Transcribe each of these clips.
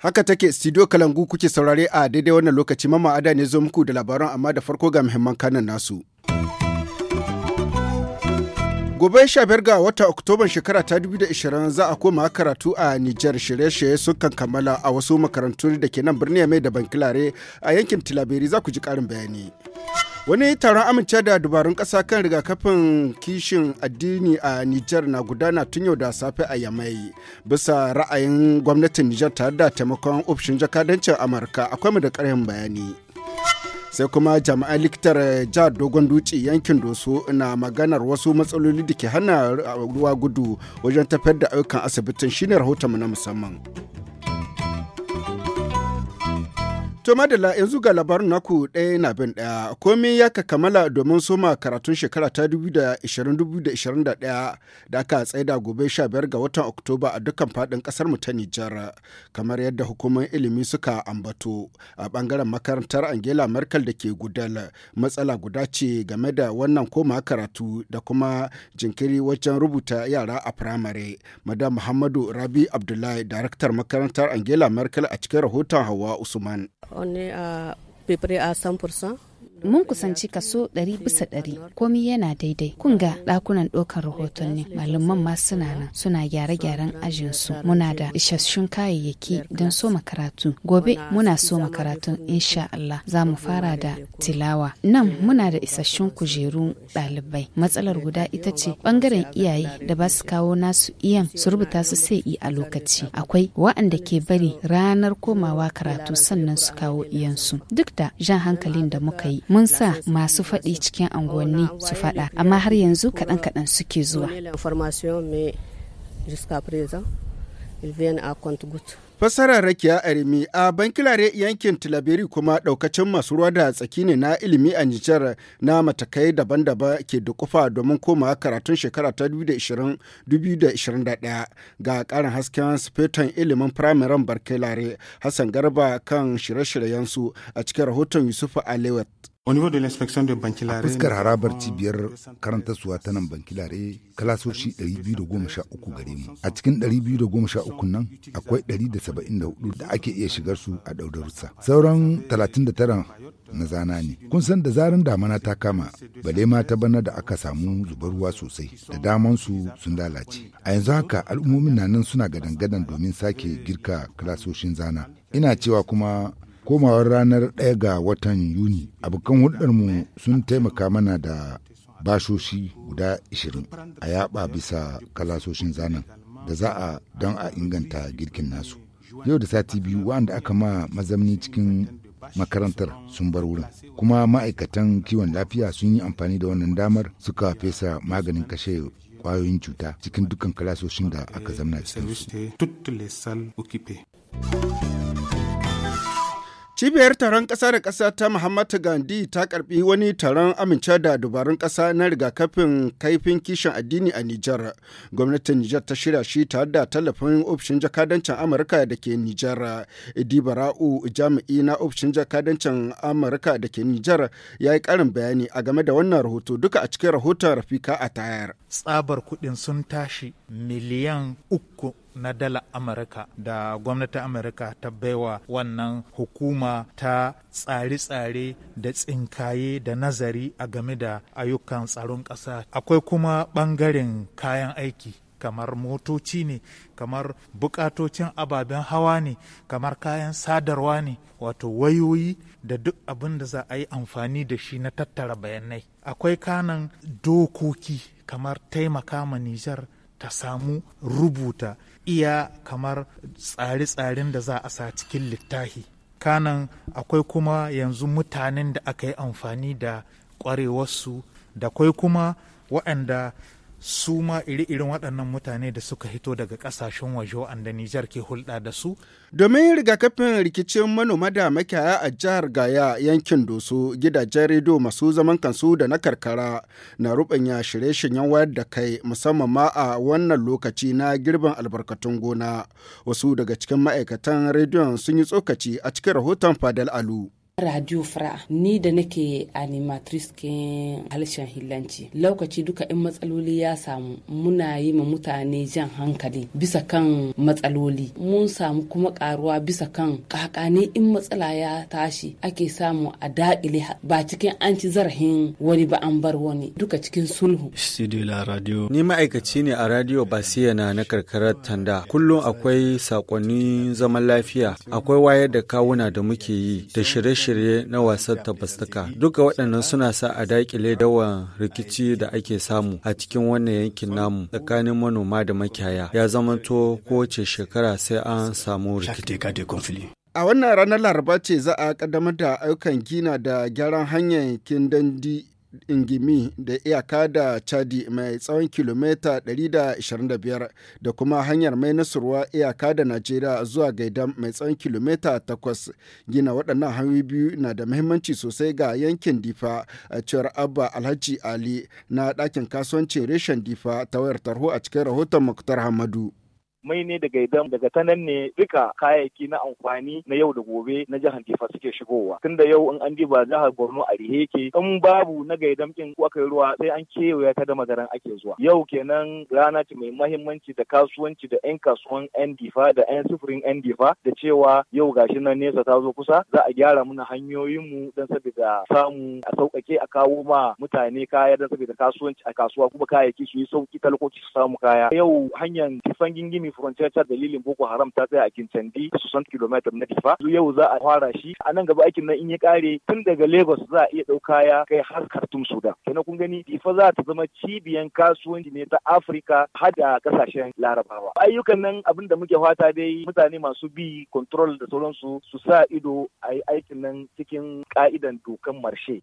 Haka take studio Kalangu kuke saurare a daidai wannan lokaci mamma ada ne zo muku da labaran amma da farko ga muhimman kanan nasu. Gobe 15 ga wata Oktoban shekara ta 2020 za a koma karatu a Nijar shirye-shirye sukan kammala a wasu makarantu da ke nan birni mai da bankilare a yankin Tilaberi za ku ji karin bayani. Wani taron amince da dubarun ƙasa kan rigakafin kishin addini a Nijar na gudana tun yau da safe a Yamai. Bisa ra'ayin gwamnatin Nijar tare da taimakon ofishin jakadancin Amurka akwai mu da ƙarin bayani. sai kuma jami'an likitar eh, jihar dogon dutse yankin doso na maganar wasu matsaloli da ke hana eh, ruwa gudu wajen tafiyar da ayyukan asibitin shine rahoton na musamman. To madalla yanzu ga labarin naku ɗaya na bin ɗaya komai ya ka kammala domin soma karatun shekara ta 2020-2021 da aka tsaida gobe sha biyar ga watan Oktoba a dukkan faɗin ƙasar mu ta Nijar kamar yadda hukumar ilimi suka ambato a bangaren makarantar Angela Merkel da ke gudal matsala guda ce game da wannan koma karatu da kuma jinkiri wajen rubuta yara a firamare. Madam Muhammadu Rabi Abdullahi, daraktar makarantar Angela Merkel a cikin rahoton Hawa Usman. on est à, peu près à 100%. mun kusanci kaso ɗari bisa ɗari komi yana daidai kun ga ɗakunan ɗaukar ne malaman ma suna nan suna gyare-gyaren ajinsu muna da isasshun kayayyaki don soma karatu gobe muna soma karatun insha Allah za mu fara da tilawa nan muna da isasshun kujeru ɗalibai matsalar guda ita ce ɓangaren iyaye da ba su kawo nasu iyan su rubuta su sai yi a lokaci akwai wa'anda ke bari ranar komawa karatu sannan su kawo iyansu duk da jan hankalin da muka yi mun sa masu faɗi cikin unguwanni su faɗa amma har yanzu kaɗan-kaɗan suke zuwa Fassarar Rakiya Arimi a bankilare yankin Tilaberi kuma daukacin masu ruwa da tsaki ne na ilimi a Nijar na matakai daban-daban ke dukufa domin koma karatun shekara ta 2020-2021 ga karin hasken spetan ilimin firamaren barkilare Hassan Garba kan shirye-shiryensu a cikin rahoton yusuf Alewat. A fuskar harabar cibiyar karantarsuwa ta nan bankilare kalasoshi 213 gare mu. A cikin 213 nan akwai 174 da ake iya shigar su a ɗaudarussa. Sauran 39 na zana ne. Kun san da zaran damana ta kama bale ta bana da aka samu zubar ruwa sosai da daman su sun lalace. A yanzu haka al'ummomin na nan suna gadan-gadan domin sake girka kalasoshin zana. Ina cewa kuma komawar ranar ɗaya ga watan Yuni, abokan hulɗarmu sun taimaka mana da bashoshi guda 20 a yaba bisa kalasoshin zanen da za a don a inganta girkin nasu. Yau da sati biyu wanda aka ma mazamni cikin makarantar sun bar wurin kuma ma'aikatan kiwon lafiya sun yi amfani da wannan damar suka fesa maganin kashe kwayoyin cuta cikin dukkan kalasoshin da aka zamna cikin Cibiyar taron ƙasa da ƙasa ta Muhammadu Gandhi ta karbi wani taron amince da dubarun ƙasa na rigakafin kaifin kishin addini a Nijar. Gwamnatin Nijar ta shirya shi tare da tallafin ofishin jakadancin Amurka da ke Nijar. Idi Bara'u jami'i na ofishin jakadancin Amurka da ke Nijar ya yi ƙarin bayani a game da wannan rahoto duka a cikin rahoton Rafika a tayar. Tsabar kuɗin sun tashi miliyan uku na dala amurka da gwamnatin amurka ta baiwa wannan hukuma ta tsare-tsare da tsinkaye da nazari a game da ayyukan tsaron ƙasa akwai kuma ɓangaren kayan aiki kamar motoci ne kamar bukatocin ababen hawa ne kamar kayan sadarwa ne wato wayoyi da duk abin da za a yi amfani da shi na tattara bayanai akwai kanan dokoki kamar taimaka ma nijar ta samu rubuta iya kamar tsare-tsaren da za a sa cikin littafi kanan akwai kuma yanzu mutanen da aka yi amfani da kwarewarsu, da kwai kuma waɗanda su ma iri-irin waɗannan mutane da suka hito daga ƙasashen waje waɗanda Nijar ke hulɗa da su. Domin rigakafin rikicin manoma da makiyaya a jihar Gaya yankin Doso gidajen rediyo masu zaman kansu da na karkara na rubanya shirye-shiryen wayar da kai musamman ma a wannan lokaci na girbin albarkatun gona. Wasu daga cikin ma'aikatan rediyon sun yi tsokaci a cikin rahoton Fadal Alu. radio fra ni da nake animatrice ke harshen hillanci lokaci duka in matsaloli ya samu muna yi ma mutane jan hankali bisa kan matsaloli mun samu kuma karuwa bisa kan kakane in matsala ya tashi ake samu a dakile ba cikin an ci zarafin wani ba an bar wani duka cikin sulhu studio radio ni ma'aikaci ne a radio basiyana na karkarar tanda kullum akwai sakonni zaman lafiya akwai wayar da kawuna da muke yi da shirye shirye na wasan tabbastaka duka waɗannan suna sa a daƙile dawan rikici da ake samu a cikin wannan yankin namu tsakanin manoma da makiyaya ya zama to kowace shekara sai an samu rikici A wannan ranar Laraba ce za a kaddamar da ayyukan gina da gyaran hanyar Kindandi ingimi da iyaka da chadi mai tsawon kilomita 125 da kuma hanyar mai nasurwa iyaka da najeriya zuwa gaidam mai tsawon kilomita 8 gina waɗannan hanyoyi biyu na da muhimmanci sosai ga yankin difa a cewar abba alhaji ali na ɗakin kasuwancin reshen difa ta wayar tarho a cikin rahoton muktar hamadu mai ne daga idan daga ta nan ne duka kayayyaki na amfani na yau da gobe na jihar Difa suke shigowa tunda yau in an diba jihar Borno a rihe yake in babu na gaidam din ko aka ruwa sai an kewaya ta da madaran ake zuwa yau kenan rana ce mai mahimmanci da kasuwanci da yan kasuwan yan Difa da yan sufurin yan Difa da cewa yau gashi nan nesa ta zo kusa za a gyara muna hanyoyinmu don saboda samu a sauƙaƙe a kawo ma mutane kaya don saboda kasuwanci a kasuwa kuma kayayyaki su yi sauƙi talakoci su samu kaya yau hanyar tifan gingimi army frontier ta dalilin boko haram ta tsaya a kincandi 60 km na difa yau za a fara shi a nan gaba aikin nan in ya kare tun daga lagos za a iya ɗauka ya kai har khartoum sudan kenan kun gani difa za ta zama cibiyan kasuwanci ne ta afirka har da kasashen larabawa ayyukan nan abin da muke fata dai mutane masu bi control da sauransu su sa ido a yi aikin nan cikin ka'idan dokan marshe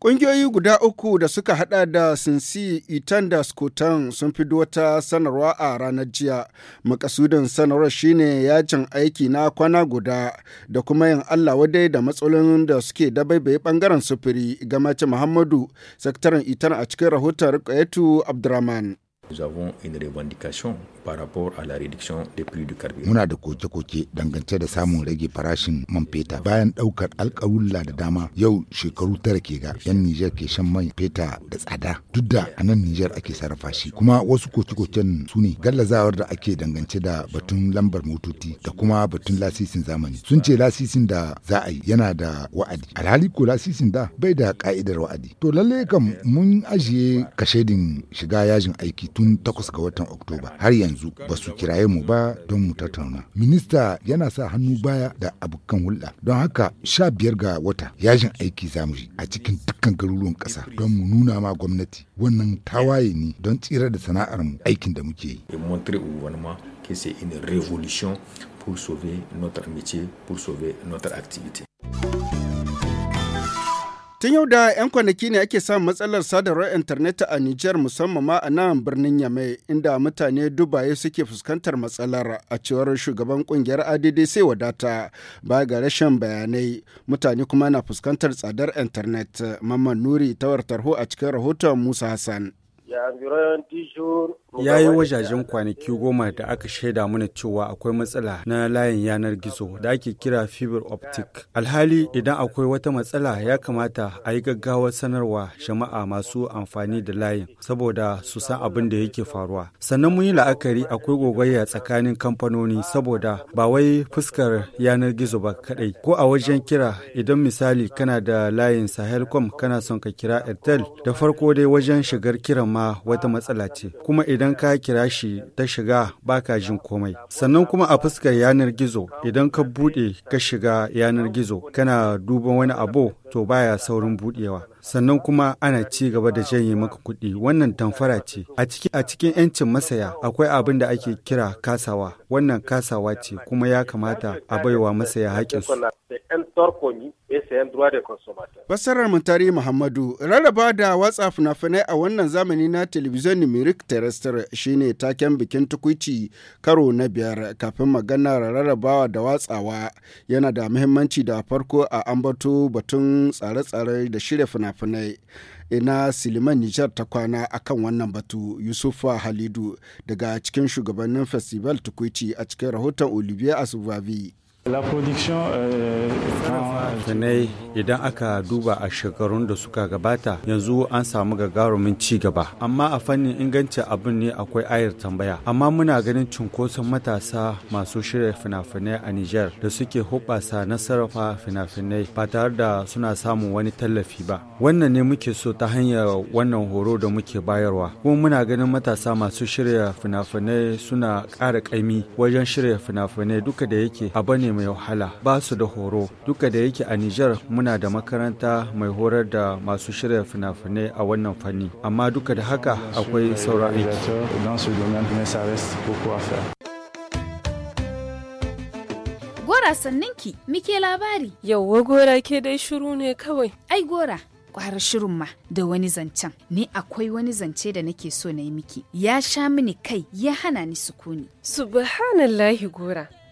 Ƙungiyoyi guda uku da suka hada da Sinsi, Itan da Skotan sun fi wata sanarwa a ranar jiya. Makasudin sanarwar shine yajin aiki na kwana guda da kuma yin Allah wadai da matsalolin da suke dabaibaye bangaren sufuri ga mace Muhammadu, sakataren Itan a cikin rahoton Rukayatu Abdurrahman. Nous par rapport à la réduction des prix du carburant. Muna da koke-koke dangance da samun rage farashin man feta bayan daukar alkawulla da dama yau shekaru tara ke ga yan Niger ke shan man feta da tsada duk da a nan Niger ake sarrafa shi kuma wasu koke-koken su ne gallazawar da ake dangance da batun lambar motoci da kuma batun lasisin zamani sun ce lasisin da za a yi yana da wa'adi alhali ko lasisin da bai da ka'idar wa'adi to lalle kam mun ajiye kashedin shiga yajin aiki tun takwas ga watan Oktoba har yanzu yanzu ba su kiraye mu ba don mu tattauna. Minista yana sa hannu baya da abokan hulɗa. Don haka sha biyar ga wata yajin aiki zamu yi a cikin dukkan garuruwan ƙasa don mu nuna ma gwamnati wannan tawaye ne don tsira da sana'ar mu aikin da muke yi. que c'est une révolution pour sauver notre métier, pour sauver notre activité. Tun yau da 'yan kwanaki ne ake samun matsalar sadarwar intanet a Nijar musamman ma a nan birnin yame, inda mutane dubaye suke fuskantar matsalar a cewar shugaban kungiyar ADD sai wadata ba ga rashin bayanai mutane kuma na fuskantar tsadar intanet. Mamman Nuri tawar tarho a cikin rahoton Musa Hassan. ya yi wajajen kwanaki goma da aka shaida mana cewa akwai matsala na layin yanar gizo da ake kira fiber optic alhali idan akwai wata matsala ya kamata a yi gaggawar sanarwa jama'a masu amfani da layin saboda su san abin da yake faruwa sannan mun yi la'akari akwai gogayya tsakanin kamfanoni saboda ba wai fuskar yanar gizo ba kadai ko a wajen kira idan misali kana da layin sahelcom kana son ka kira airtel da farko dai wajen shigar kiran ma wata matsala ce kuma idan ka kira shi ta shiga baka jin komai. Sannan kuma a fuskar yanar gizo idan ka buɗe ka shiga yanar gizo kana duban wani abu to baya saurin buɗewa. sannan kuma ana ci gaba da janye maka kuɗi wannan tamfara ce a cikin 'yancin masaya akwai abin da ake kira kasawa wannan kasawa ce kuma ya kamata a baiwa masaya haƙinsu Fassarar Mutari Muhammadu rarraba da watsa fina a wannan zamani na telebijin Numeric Terrestre shine taken bikin tukuici karo na biyar kafin magana rarrabawa da watsawa yana da muhimmanci da farko a ambato batun tsare-tsare da shirya fina fina-finai ina siliman nijar ta kwana akan wannan batu yusufa halidu daga cikin shugabannin festival tukuici a cikin rahoton olivier asubavi Sanai euh, idan aka duba a shekarun da suka gabata yanzu an samu gagarumin ci gaba. Amma a fannin ingancin abin ne akwai ayar tambaya. Amma muna ganin cunkoson matasa masu shirya finafinai a Nijar da suke hubasa na sarrafa fina ba tare da suna samun wani tallafi ba. Wannan ne muke so ta hanyar wannan horo da muke bayarwa. Kuma muna ganin matasa masu shirya finafinai suna ƙara ƙaimi wajen shirya finafinai finai duka da yake abu ne mai wahala ba su da horo duka da yake a Nijar muna da makaranta mai horar da masu shirya fina-finai a wannan fanni amma duka da haka akwai sauran aiki. Gora sanninki, muke labari. Yauwa gora ke dai shiru ne kawai. Ai gora, ƙwara shirin ma da wani zancen ni akwai wani zance da nake so na yi miki ya sha mini kai ya hana ni sukuni subhanallahi gora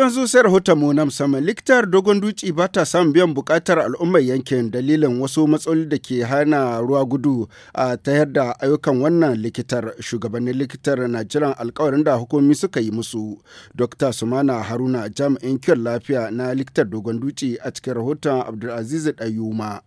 yanzu zusar mu na musamman likitar dogon duci ba ta samun biyan bukatar al'ummar yankin dalilin wasu matsaloli da ke hana ruwa gudu a tayar da ayyukan wannan likitar shugabannin likitar na jiran alkawarin da hukumomi suka yi musu. Dr. Sumana Haruna jami'in kiwon lafiya na likitar dogon duci a cikin rahoton Abdulaziz Dayuma.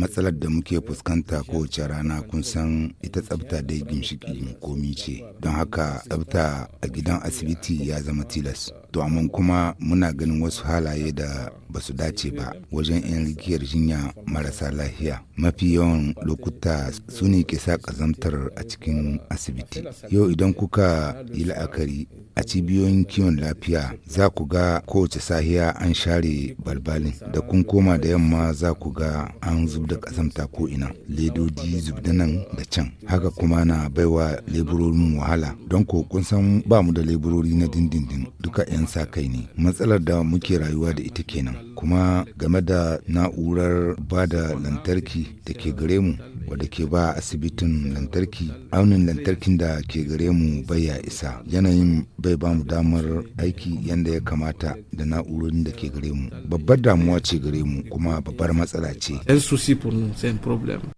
Matsalar da muke fuskanta kowace rana kun san ita tsabta dai gimshikin komi ce, don haka tsabta a gidan asibiti ya zama tilas. to amma kuma muna ganin wasu halaye da ba su dace ba wajen 'yan rigiyar jinya marasa lafiya mafi yawan lokuta su ne ke sa kazamtar a cikin asibiti yau idan kuka yi la'akari a cibiyoyin kiwon lafiya za ku ga kowace sahiya an share balbalin da kun koma da yamma za ku ga an zub da kazamta ko ina ledoji zub da nan da can haka kuma na baiwa leburorin wahala don ko kun san ba mu da leburori na dindindin duka 'yan 'yan sa kai ne matsalar da muke rayuwa da ita kenan kuma game da na'urar ba da lantarki da ke gare mu wadda ke ba asibitin lantarki aunin lantarkin da ke gare mu bai ya isa yanayin bai ba mu damar aiki yadda ya kamata da na'urorin da ke gare mu babbar damuwa ce gare mu kuma babbar matsala ce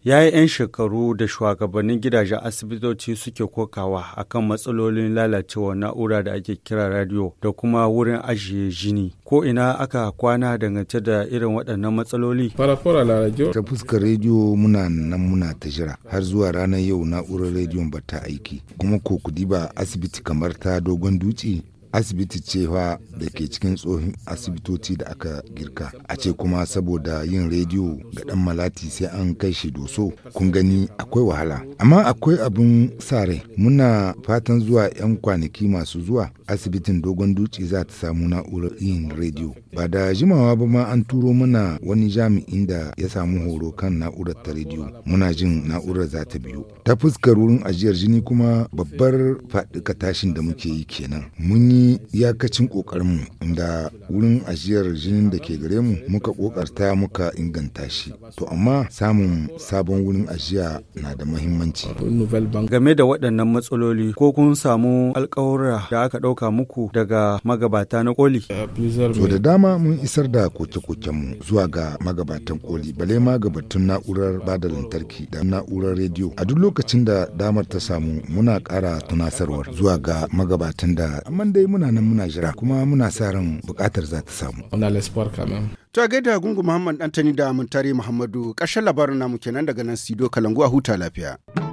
ya yi 'yan shekaru da shugabannin gidajen asibitoci suke kokawa akan matsalolin lalacewa na'ura da ake kira radio da kuma kuma wurin ajiye jini ko ina aka kwana dangance da irin waɗannan matsaloli ta fuskar rediyo muna nan muna ta jira har zuwa ranar yau na'urar rediyon ba ta aiki kuma ko kudi ba asibiti kamar ta dogon dutse asibiti ce fa da ke cikin tsohon asibitoci da aka girka a ce kuma saboda yin rediyo ga dan malati sai an kai shi doso kun gani akwai wahala amma akwai abin sa rai muna fatan zuwa 'yan kwanaki masu zuwa asibitin dogon duci za ta samu na'urar yin rediyo ba da jimawa ba ma an turo mana wani jami'in da ya samu horo kan na'urar ta rediyo muna jin na'urar za ta biyu ta fuskar wurin ajiyar jini kuma babbar faɗi tashin da muke yi kenan mun yi yakacin iyakacin ƙoƙarinmu da wurin ajiyar jinin da ke gare mu muka ƙoƙarta muka inganta shi. To amma samun sabon wurin ajiya na da mahimmanci. Game da waɗannan matsaloli ko kun samu alƙawura da aka ɗauka muku daga magabata na koli? To da dama mun isar da koke-kokenmu zuwa ga magabatan koli bale ma ga batun na'urar bada lantarki da na'urar rediyo. A duk lokacin da damar ta samu muna ƙara tunasarwar zuwa ga magabatan da. Amma dai muna nan muna jira kuma muna sa ran bukatar za ta samu. a gaida gungu Muhammad Antani da Muntari Muhammadu ƙarshen labarin namu kenan daga nan Sido Kalangu a huta lafiya.